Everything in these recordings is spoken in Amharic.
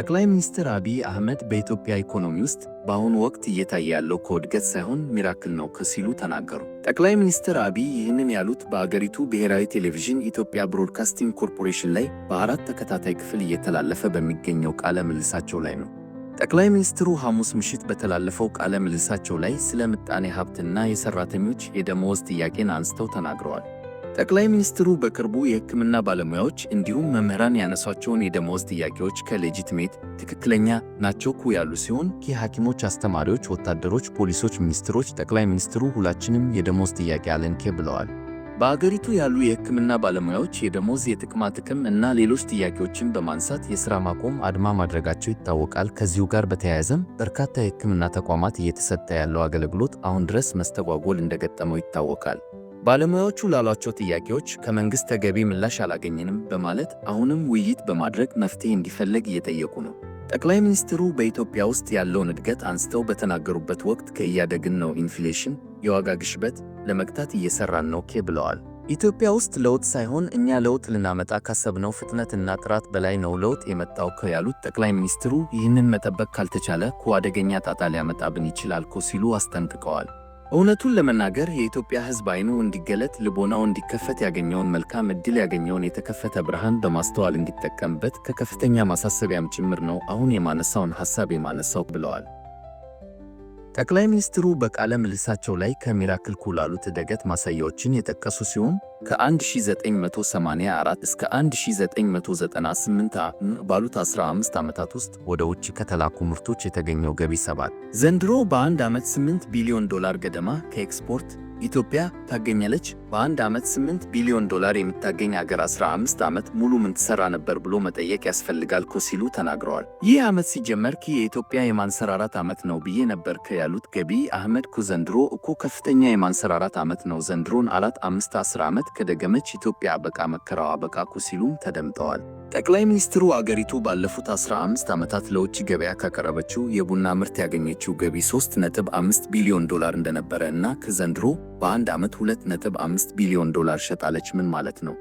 ጠቅላይ ሚኒስትር አብይ አህመድ በኢትዮጵያ ኢኮኖሚ ውስጥ በአሁኑ ወቅት እየታየ ያለው ከውድገት ሳይሆን ሚራክል ነው ሲሉ ተናገሩ። ጠቅላይ ሚኒስትር አብይ ይህንን ያሉት በአገሪቱ ብሔራዊ ቴሌቪዥን ኢትዮጵያ ብሮድካስቲንግ ኮርፖሬሽን ላይ በአራት ተከታታይ ክፍል እየተላለፈ በሚገኘው ቃለ ምልሳቸው ላይ ነው። ጠቅላይ ሚኒስትሩ ሐሙስ ምሽት በተላለፈው ቃለ ምልሳቸው ላይ ስለ ምጣኔ ሀብትና የሰራተኞች የደመወዝ ጥያቄን አንስተው ተናግረዋል። ጠቅላይ ሚኒስትሩ በቅርቡ የሕክምና ባለሙያዎች እንዲሁም መምህራን ያነሷቸውን የደመወዝ ጥያቄዎች ከሌጂትሜት ትክክለኛ ናቸው ኩ ያሉ ሲሆን ሐኪሞች፣ አስተማሪዎች፣ ወታደሮች፣ ፖሊሶች፣ ሚኒስትሮች ጠቅላይ ሚኒስትሩ ሁላችንም የደመወዝ ጥያቄ አለንኬ ብለዋል። በአገሪቱ ያሉ የሕክምና ባለሙያዎች የደመወዝ፣ የጥቅማ ጥቅም እና ሌሎች ጥያቄዎችን በማንሳት የሥራ ማቆም አድማ ማድረጋቸው ይታወቃል። ከዚሁ ጋር በተያያዘም በርካታ የሕክምና ተቋማት እየተሰጠ ያለው አገልግሎት አሁን ድረስ መስተጓጎል እንደገጠመው ይታወቃል። ባለሙያዎቹ ላሏቸው ጥያቄዎች ከመንግሥት ተገቢ ምላሽ አላገኘንም በማለት አሁንም ውይይት በማድረግ መፍትሄ እንዲፈለግ እየጠየቁ ነው። ጠቅላይ ሚኒስትሩ በኢትዮጵያ ውስጥ ያለውን እድገት አንስተው በተናገሩበት ወቅት ከእያደግን ነው ኢንፍሌሽን፣ የዋጋ ግሽበት ለመግታት እየሰራን ነው ኬ ብለዋል። ኢትዮጵያ ውስጥ ለውጥ ሳይሆን እኛ ለውጥ ልናመጣ ካሰብነው ፍጥነትና ጥራት በላይ ነው ለውጥ የመጣው ከ ያሉት ጠቅላይ ሚኒስትሩ ይህንን መጠበቅ ካልተቻለ ኮ አደገኛ ጣጣ ሊያመጣብን ይችላል ኮ ሲሉ አስጠንቅቀዋል። እውነቱን ለመናገር የኢትዮጵያ ሕዝብ ዓይኑ እንዲገለጥ ልቦናው እንዲከፈት ያገኘውን መልካም እድል ያገኘውን የተከፈተ ብርሃን በማስተዋል እንዲጠቀምበት ከከፍተኛ ማሳሰቢያም ጭምር ነው አሁን የማነሳውን ሐሳብ የማነሳው ብለዋል። ጠቅላይ ሚኒስትሩ በቃለ ምልሳቸው ላይ ከሚራክል ኩል ያሉት ማሳያዎችን የጠቀሱ ሲሆን ከ1984 እስከ 1998 ባሉት 15 ዓመታት ውስጥ ወደ ውጭ ከተላኩ ምርቶች የተገኘው ገቢ ሰባት ዘንድሮ በአንድ ዓመት 8 ቢሊዮን ዶላር ገደማ ከኤክስፖርት ኢትዮጵያ ታገኛለች። በአንድ ዓመት 8 ቢሊዮን ዶላር የምታገኝ አገር 15 ዓመት ሙሉ ምን ትሰራ ነበር ብሎ መጠየቅ ያስፈልጋል ኮ ሲሉ ተናግረዋል። ይህ ዓመት ሲጀመር ክ የኢትዮጵያ የማንሰራራት ዓመት ነው ብዬ ነበር ከ ያሉት ገቢ አህመድ ኩ ዘንድሮ እኮ ከፍተኛ የማንሰራራት ዓመት ነው ዘንድሮን አላት አምስት አስር ዓመት ከደገመች ኢትዮጵያ አበቃ መከራው አበቃ ኩ ሲሉም ተደምጠዋል። ጠቅላይ ሚኒስትሩ አገሪቱ ባለፉት 15 ዓመታት ለውጭ ገበያ ካቀረበችው የቡና ምርት ያገኘችው ገቢ 3.5 ቢሊዮን ዶላር እንደነበረ እና ከዘንድሮ በአንድ ዓመት 2.5 አምስት ቢሊዮን ዶላር ሸጣለች። ምን ማለት ነው?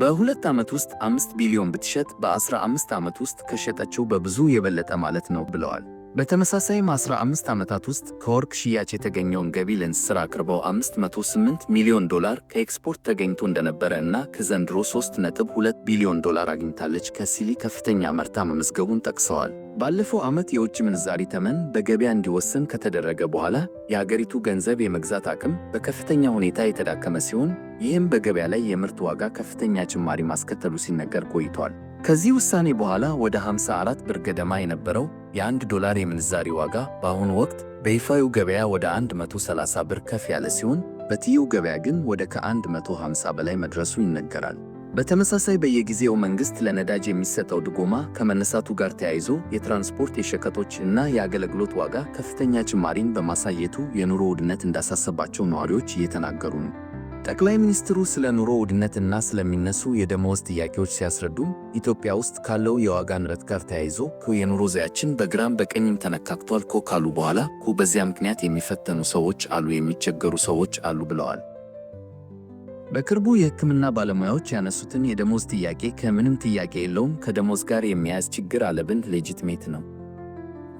በሁለት ዓመት ውስጥ አምስት ቢሊዮን ብትሸጥ በአስራ አምስት ዓመት ውስጥ ከሸጠችው በብዙ የበለጠ ማለት ነው ብለዋል። በተመሳሳይም 15 ዓመታት ውስጥ ከወርቅ ሽያጭ የተገኘውን ገቢ ሌንስ ስራ አቅርበው 508 ሚሊዮን ዶላር ከኤክስፖርት ተገኝቶ እንደነበረ እና ከዘንድሮ 3.2 ቢሊዮን ዶላር አግኝታለች ከሲሊ ከፍተኛ መርታ መመዝገቡን ጠቅሰዋል። ባለፈው ዓመት የውጭ ምንዛሪ ተመን በገበያ እንዲወሰን ከተደረገ በኋላ የአገሪቱ ገንዘብ የመግዛት አቅም በከፍተኛ ሁኔታ የተዳከመ ሲሆን ይህም በገበያ ላይ የምርት ዋጋ ከፍተኛ ጭማሪ ማስከተሉ ሲነገር ቆይቷል። ከዚህ ውሳኔ በኋላ ወደ 54 ብር ገደማ የነበረው የአንድ ዶላር የምንዛሪ ዋጋ በአሁኑ ወቅት በይፋዩ ገበያ ወደ 130 ብር ከፍ ያለ ሲሆን በትይዩ ገበያ ግን ወደ ከ150 በላይ መድረሱ ይነገራል። በተመሳሳይ በየጊዜው መንግስት ለነዳጅ የሚሰጠው ድጎማ ከመነሳቱ ጋር ተያይዞ የትራንስፖርት የሸቀጦች እና የአገልግሎት ዋጋ ከፍተኛ ጭማሪን በማሳየቱ የኑሮ ውድነት እንዳሳሰባቸው ነዋሪዎች እየተናገሩ ነው። ጠቅላይ ሚኒስትሩ ስለ ኑሮ ውድነትና ስለሚነሱ የደመወዝ ጥያቄዎች ሲያስረዱ ኢትዮጵያ ውስጥ ካለው የዋጋ ንረት ጋር ተያይዞ የኑሮ ዘያችን በግራም በቀኝም ተነካክቷል ኮ ካሉ በኋላ ኮ በዚያ ምክንያት የሚፈተኑ ሰዎች አሉ፣ የሚቸገሩ ሰዎች አሉ ብለዋል። በቅርቡ የሕክምና ባለሙያዎች ያነሱትን የደመወዝ ጥያቄ ከምንም ጥያቄ የለውም ከደመወዝ ጋር የሚያያዝ ችግር አለብን ሌጅትሜት ነው፣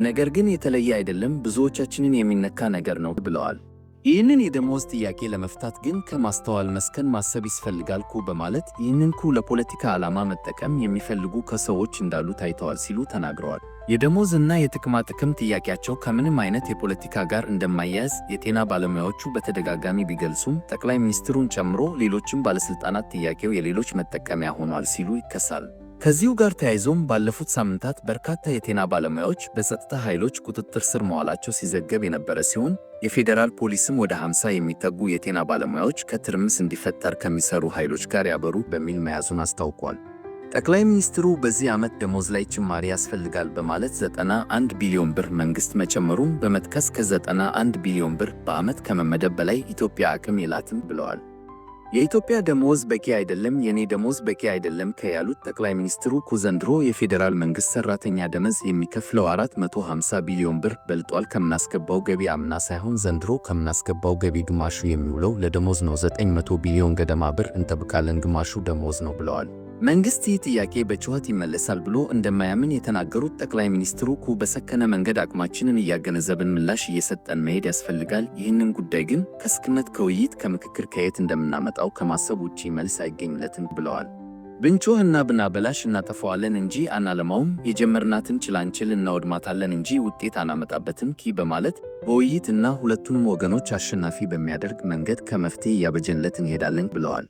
ነገር ግን የተለየ አይደለም ብዙዎቻችንን የሚነካ ነገር ነው ብለዋል። ይህንን የደሞዝ ጥያቄ ለመፍታት ግን ከማስተዋል መስከን ማሰብ ይስፈልጋል ኩ በማለት ይህንን ኩ ለፖለቲካ ዓላማ መጠቀም የሚፈልጉ ከሰዎች እንዳሉ ታይተዋል ሲሉ ተናግረዋል። የደሞዝ እና የጥቅማ ጥቅም ጥያቄያቸው ከምንም አይነት የፖለቲካ ጋር እንደማያያዝ የጤና ባለሙያዎቹ በተደጋጋሚ ቢገልጹም ጠቅላይ ሚኒስትሩን ጨምሮ ሌሎችም ባለሥልጣናት ጥያቄው የሌሎች መጠቀሚያ ሆኗል ሲሉ ይከሳል። ከዚሁ ጋር ተያይዞም ባለፉት ሳምንታት በርካታ የጤና ባለሙያዎች በጸጥታ ኃይሎች ቁጥጥር ስር መዋላቸው ሲዘገብ የነበረ ሲሆን የፌዴራል ፖሊስም ወደ 50 የሚጠጉ የጤና ባለሙያዎች ከትርምስ እንዲፈጠር ከሚሰሩ ኃይሎች ጋር ያበሩ በሚል መያዙን አስታውቋል። ጠቅላይ ሚኒስትሩ በዚህ ዓመት ደሞዝ ላይ ጭማሪ ያስፈልጋል በማለት 91 ቢሊዮን ብር መንግሥት መጨመሩን በመጥቀስ ከ91 ቢሊዮን ብር በዓመት ከመመደብ በላይ ኢትዮጵያ አቅም የላትም ብለዋል። የኢትዮጵያ ደሞዝ በቂ አይደለም፣ የኔ ደሞዝ በቂ አይደለም ከያሉት ጠቅላይ ሚኒስትሩ ዘንድሮ የፌዴራል መንግስት ሰራተኛ ደመዝ የሚከፍለው 450 ቢሊዮን ብር በልጧል። ከምናስገባው ገቢ አምና ሳይሆን ዘንድሮ ከምናስገባው ገቢ ግማሹ የሚውለው ለደሞዝ ነው። 900 ቢሊዮን ገደማ ብር እንጠብቃለን፣ ግማሹ ደሞዝ ነው ብለዋል። መንግስት ይህ ጥያቄ በጩኸት ይመለሳል ብሎ እንደማያምን የተናገሩት ጠቅላይ ሚኒስትሩ ኩ በሰከነ መንገድ አቅማችንን እያገነዘብን ምላሽ እየሰጠን መሄድ ያስፈልጋል። ይህንን ጉዳይ ግን ከስክነት፣ ከውይይት፣ ከምክክር ከየት እንደምናመጣው ከማሰብ ውጭ መልስ አይገኝለትም ብለዋል። ብንጮህና ብናበላሽ እናጠፋዋለን እንጂ አናለማውም፣ የጀመርናትን ችላንችል እናወድማታለን እንጂ ውጤት አናመጣበትም ኪ በማለት በውይይትና ሁለቱንም ወገኖች አሸናፊ በሚያደርግ መንገድ ከመፍትሄ እያበጀንለት እንሄዳለን ብለዋል።